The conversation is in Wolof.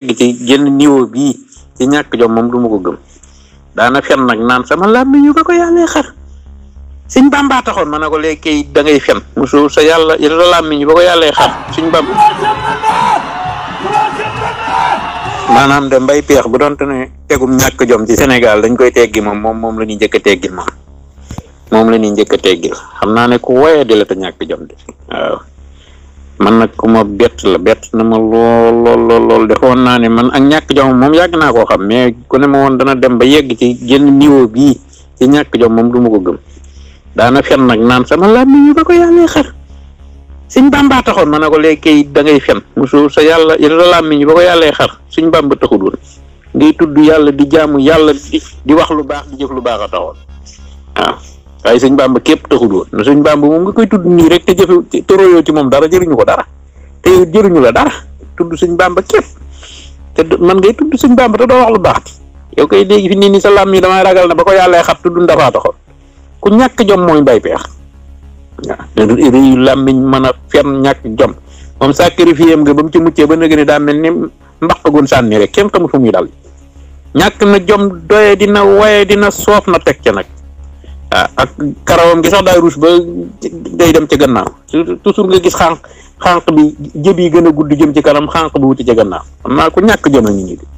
ci genn niveau bi ci ñàkk jom moom duma ko gëm daana fen nag naan sama làmmi ñu ko ko yàlla xar suñ bamba taxoon ma ne ko léegi da ngay fen musu sa yàlla yàlla làmmi ñu ba ko yàlla xar suñ bam maanaam de mbay peex bu donte ne tegum ñàkk jom ci sénégal dañ koy teggi moom moom moom la ñuy njëkk a teggi moom moom la ñuy njëkk a teggil xam naa ne ku woyee di la te ñàkk jom de waaw man nak kuma bet la bet na ma lol lol lol lool defoon naa ne man ak ñak jom mom yag na ko xam mais ku ne ma won dana dem ba yegg ci genn niveau bi ci ñak jom mom duma ko gëm na fenn nak naan sama làmmi ñu ko yalla xar suñ bamba taxon man ne ko léegi kay da ngay fen musu sa yàlla la mi ñu ko yalla xar suñ bamba taxul won ngay tuddu yalla di jaamu yalla di wax lu baax di jëf lu baax taxon waaye sëñ Bàmba képp taxul suñ sëñ Bàmba moom nga koy tudd nii rek te jëfe te royoo ci moom dara jëriñu ko dara te jëriñu la dara tudd sëñ Bàmba képp te man ngay tudd sëñ Bàmba te doo wax lu baax yow koy léegi fi nii nii sa làmm yi damay ragal na ba ko yàlla xat tudd dafaa taxoon ku ñàkk jom mooy mbay peex waaw mën a fenn ñàkk jom moom sacrifice am nga ba mu ci muccee ba nëgë ne daa mel ni mbaq gun sànni rek kenn xamul fu muy dal ñàkk na jom doye dina waye dina soof na teg ca nag Ah, ak karawam gi sax daay rouge ba day dem ci gannaaw toujours nga gis xànq xànq bi jëb yi gën a gudd jëm ci kanam xànq bi wuti ci gannaaw xam naa ko ñàkk jom a ñu nii